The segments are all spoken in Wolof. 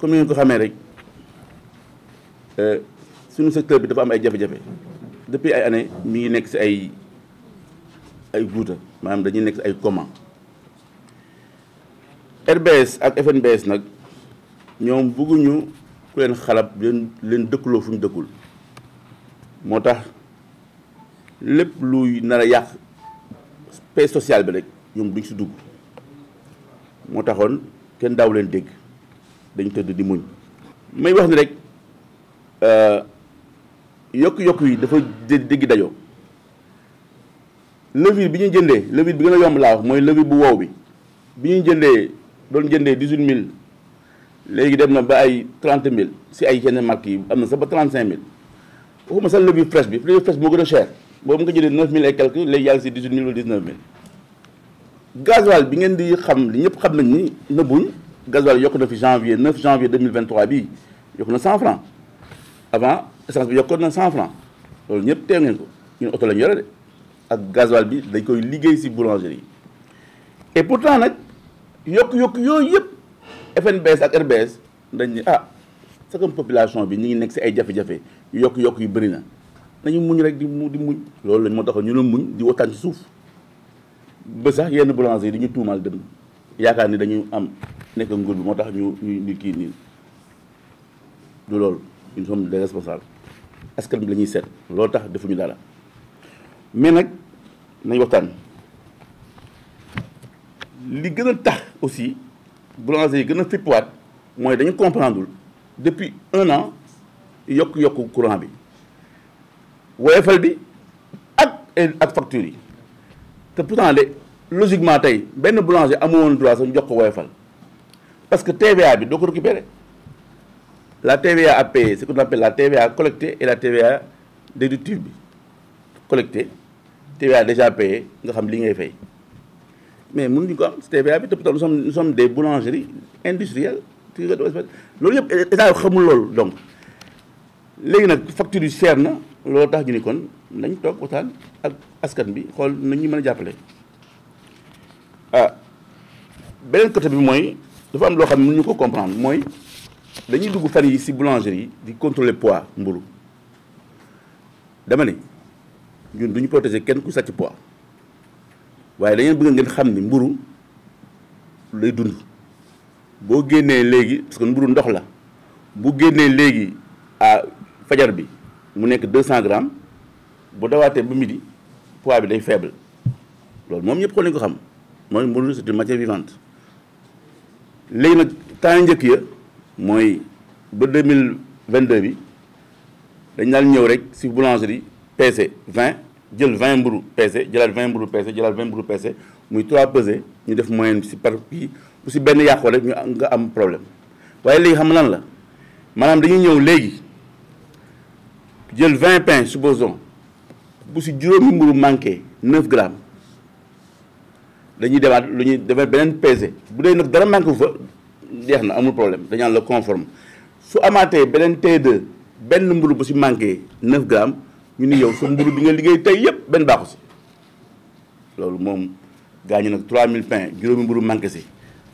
comme ni ko xamee rek euh, suñu secteur bi dafa am ay jafe-jafe depuis ay années mi ngi nekk si ay ay guuta maanaam dañuy nekk si ay coma RBS ak FNBS nag ñoom bëgguñu ku leen xalab leen leen dëkkuloo fu ñu dëkkul moo tax lépp luy nar a yàq paix social bi rek ñoom duñ si dugg moo taxoon kenn daaw leen dégg dañu tëdd di muñ may wax ni rek euh, yokk-yokk yi dafa dégg dajoo levure bi ñu jëndee levure bi gën a yomb laa wax mooy levure bu wow bi bi ñuy jëndee doon jëndee dix-huit mille léegi dem na ba ay trente mille si ay yenn marques yi am na sax ba trente cinq mille waxuma sax levure fraîche bi levure fraîche bi moo gën a cher boobu nga jëlee 9000 et quelques léegi yaa ngi si 18000 wala 19000 gasoil bi ngeen di xam li ñëpp xam nañ ni nëbbuñ gasoil yokk na fi janvier 9 janvier 2023 bii yokk na 100 francs avant essence bi yokkoon na 100 francs loolu ñëpp teew ngeen ko ñun oto la ñu de ak gasoil bi dañ koy liggéey si boulangerie yi pour pourtant nag yokk-yokk yooyu yëpp FNBS ak RBS dañ ni ah c'est comme population bi ñu ngi nekk si ay jafe-jafe yokk-yokk bëri na. nañu muñ rek di mu di muñ loolu lañ moo taxoon ñu doon muñ di waxtaan ci suuf ba sax yenn boulanger yi di tuumaal dem yaakaar ni dañu am nekk nguur bi moo tax ñu ñu ñu kii nii du loolu nous sommes de responsables askan bi la ñuy seet loolu tax defuñu dara mais nag nañu waxtaan li gën a tax aussi boulanger yi gën a fippuwaat mooy dañu comprendreul depuis un an yokk-yokk courant bi woyofal bi ak ak facture yi te pourtant de logiquement tey benn boulanger amoon droit sax ñu jox ko woyofal parce que TVA bi doo ko récupérer la TVA à payer ce qu'on appelle la TVA collectée et la TVA déductible bi collectée TVA déjà payée nga xam li ngay fay mais mënuñu ko am TVA bi te pourtant nous sommes nous sommes des boulangeries industrielles loolu yëpp état xamul loolu donc léegi nag facture yi cher na. loolu tax ñu ni kon nañ toog waxtaan ak askan bi xool nañu mën a jàppale ah beneen côté bi mooy dafa am loo xam ne ñu ko comprendre mooy dañuy dugg fan yi si boulangerie yi di contrôler pois mburu dama ne ñun duñu protéger kenn ku sàcc pois waaye dañeen bëgg ngeen xam ni mburu lay dund boo génnee léegi parce que mburu ndox la bu génnee léegi à fajar bi mu nekk deux cent grammes bu dawaatee bu midi poids bi day faible loolu moom ñëpp ko nañ ko xam mooy mburu c'est une matière vivante léegi nag temps njëkk ya mooy ba vingt 2022 bi dañ daan ñëw rek si boulangerie peese 20 jël 20 mburu peese jëlaat 20 mburu peese jëlaat 20 mburu peese muy 3 pesé ñu def moyen si par kii bu si benn yàqu rek ñu nga am problème waaye léegi xam lan la maanaam dañuy ñëw léegi jël vingt pains supposons bu si juróomi mburu manqué neuf grammes dañuy demaat lu ñuy defar beneen pesé bu dee nag dara manqué fa jeex na amul problème dañaan la conforme su amaatee beneen T2 benn mburu bu si manqué neuf grammes ñu ni yow sa mburu bi nga liggéey tey yëpp benn baaxu si loolu moom gaa ñu nag mille pains juróomi mburu manqué si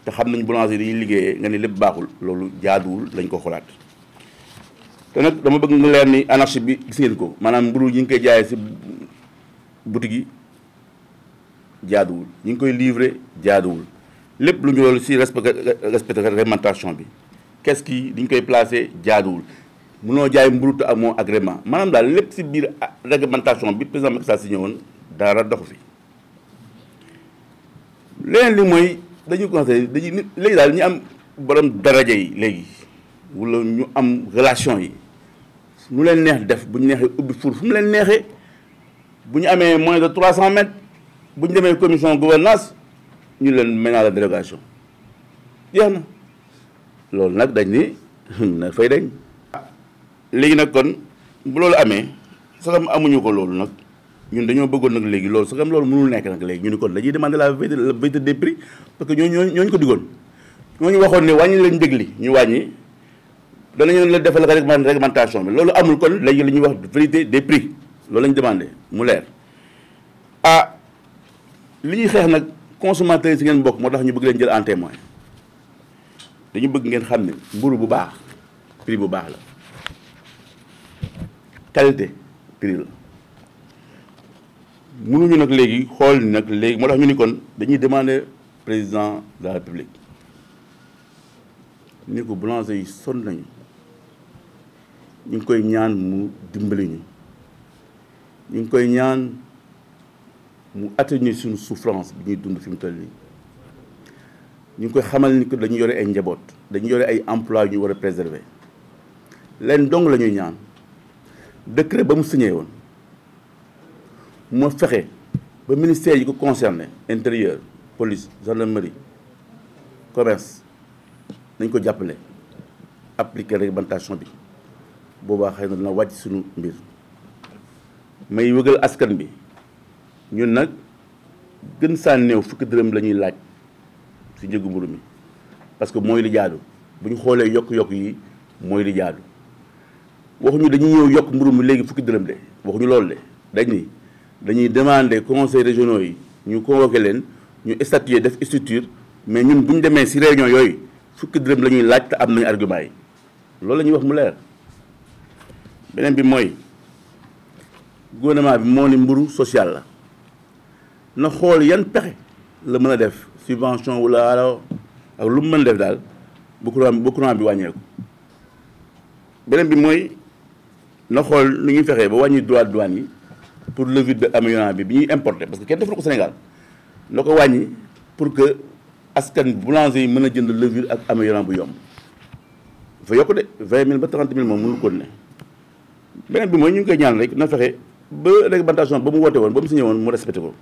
te xam nañ boulanger yi dañuy liggéeyee nga ni lépp baaxul loolu jaaduwul lañ ko xolaat te dama bëgg mu leen ni anarchie bi gis ngeen ko maanaam mburu ñi ngi koy jaayee si boutique yi jaaduwul ñi ngi koy livre jaaduwul lépp lu ñu loolu si respecté respecté réglementation bi qu'est-ce qui diñ koy placé jaaduwul noo jaay mburu te amoo agrément maanaam daal lépp si biir réglementation bi président Macky Sall si ñëwoon dara doxu fi leneen li mooy dañu conseillé dañuy léegi daal ñu am borom daraja yi léegi wala ñu am relation yi nu leen neex def bu ñu neexee ubbi four fu mu leen neexee bu ñu amee moins de trois cent mètres bu ñu demee commission gouvernance ñu leen maintenant la dérogation jeex na loolu nag dañ ni na fay dañ léegi nag kon bu loolu amee sagam amuñu ko loolu nag ñun dañoo bëggoon nag léegi loolu sagam loolu mënul nekk nag léegi ñu ni kon dañuy demander la vérité des ñoo parce que ñooñu ñooñu ko digoon ñooñu waxoon ne wàññi leen njëg li ñu wàññi danañu la defal réglementation bi loolu amul kon léegi li ñuy wax vérité des prix loolu la ñu demandé mu leer ah li ñuy xeex nag consommateurs yi si ngeen bokk moo tax ñu bëgg leen jël en témoin dañu bëgg ngeen xam ne mburu bu baax prix bu baax la qualité prix la mënuñu nag léegi xool ni nag léegi moo tax ñu ni kon dañuy demander président de la république ni ko boulanger yi sonn nañu ñu ngi koy ñaan mu dimbali ñu ñu ngi koy ñaan mu atténuer suñu souffrance bi ñuy dund fi mu toll nii ñu ngi koy xamal ni que dañuy yore ay njaboot dañuy yore ay emploi yu ñu war a préserver leen dong la ñuy ñaan décret ba mu signé woon moo fexe ba ministère yi ko concerné intérieur police gendarmerie commerce dañ ko jàppale appliquer réglementation bi boobaa xëy na dina wàcc suñu mbir may wëgal askan bi ñun nag gën saa néew fukki dërëm lañuy laaj si njëgu mburu mi parce que mooy li jaadu bu ñu xoolee yokk-yokk yi mooy li jaadu waxuñu dañuy ñëw yokk mburu mi léegi fukki dërëm de waxuñu loolu de dañ ni dañuy demander conseils régionaux yi ñu convoqué leen ñu statuer def structure mais ñun bu ñu demee si réunion yooyu fukki dërëm la ñuy laaj te am nañu argument yi loolu la ñuy wax mu leer beneen bi mooy gouvernement bi moo ni mburu social la na xool yan pexe la mën a def subvention wala alors ak lu mu mën def daal bu courant bu courant bi wàññeeku beneen bi mooy na xool lu ñuy fexee ba wàññi droit douane yi pour levée de amiant bi bi ñuy importé parce que kenn deful ko Sénégal na ko wàññi pour que askan boulanger yi mën a jënd levure ak amiant bu yomb dafa yokk de vingt mille ba trente mille moom mënul ko ne beneen bi mooy ñu ngi koy ñaan rek na fexe ba réglementation ba mu woote woon ba mu signé woon mu respecté ko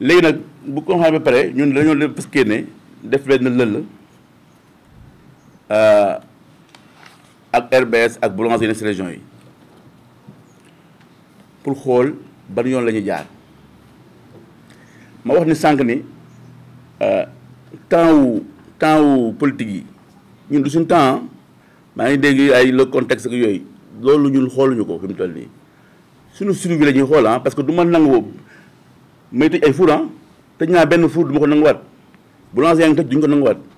léegi nag bu ko xam ba pare ñun dañoo leen parce que ne def benn lël euh, ak RBS ak boulangers yeneen si région yi pour xool ban yoon la ñuy jaar ma wax ni sànq ni temps euh, temps wu yi ñun du suñu temps maa ngi dégg ay le contexte yooyu loolu ñun xooluñu ko fi mu toll nii suñu suñu bi la ñuy xool ah parce que du ma nangu may tëj ay four ah tëj naa benn four du ma ko nanguwaat boulanger yaa ngi tëj duñ ko nanguwaat